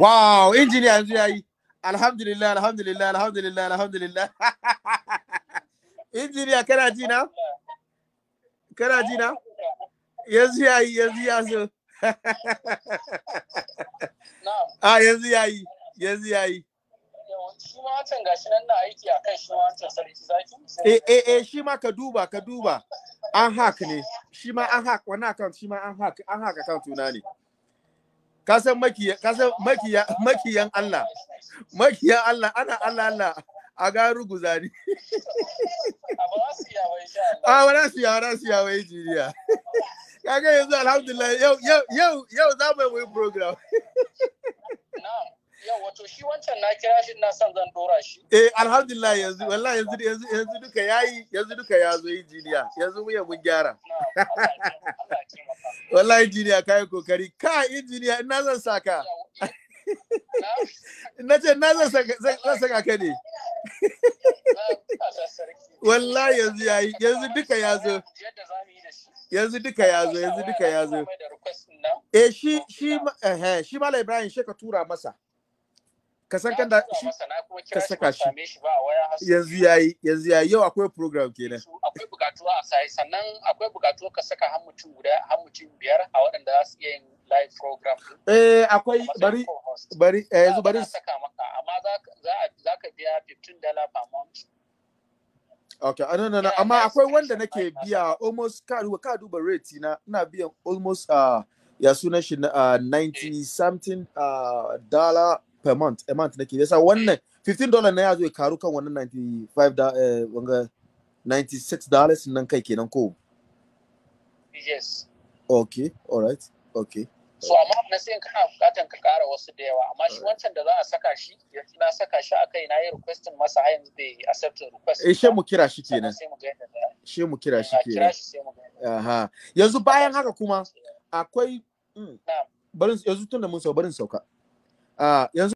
wow injiniya yanzu alhamdulillah alhamdulillah alhamdulillah alhamdulillah injiniya kana ji na kana ji na yanzu yayi yanzu ya zo a ah, yanzu yayi yanzu yayi shi ma wancan gashi nan na aiki a kan shi ma sarki zaki eh eh eh shi ma ka duba ka duba an hack ne shi ma an hack wannan account shi ma an hack an hack account na ne ka san makiya makiya makiyan Allah makiyan Allah ana Allah Allah a ga ruguza ni a za ah, su ya wala su ya wai jiriya kaga yanzu alhamdulillah yau yau yau za mu yi program yau wato shi wancan na kira shi na san zan dora shi eh alhamdulillah yanzu wallahi yanzu yanzu duka yayi yanzu duka ya zo injiniya yanzu mu ya mun gyara wallahi injiniya ka yi kokari ka injiniya ina zan saka na ce na zan saka ka ne wallahi yanzu yayi yanzu duka ya zo yanzu duka ya zo yanzu duka ya zo eh shi shi eh shi mala ibrahim shi ka tura masa ka san kan da shi ka saka shi yanzu yayi yanzu yayi yau akwai program kenan akwai bukatu a sai sannan akwai bukatu ka saka har mutum guda har mutum biyar a waɗanda za su iya yin live program eh akwai bari bari eh yanzu bari saka maka amma za za za ka biya 15 dollar per month Okay, ah, no, no, no. Amma akwai wanda nake biya almost ka duba ka duba rate na ina biya almost uh, ya suna shi uh, ah, 90 eh. something uh, dollar per month a month nake yasa wannan 15 dollar na yazo zo ya karu kan wannan 95 da eh, wanga 96 dollars nan kai kenan ko yes okay all right okay so amma na sai kana bukatan ka kara wasu da yawa amma shi wancan da za a saka shi yanzu na saka shi a kai na yi requestin masa a yanzu bai accept request eh she mu kira shi kenan she mu kira shi kenan aha yanzu bayan haka kuma akwai mm, Barin yanzu tunda mun sau barin sauka ah yanzu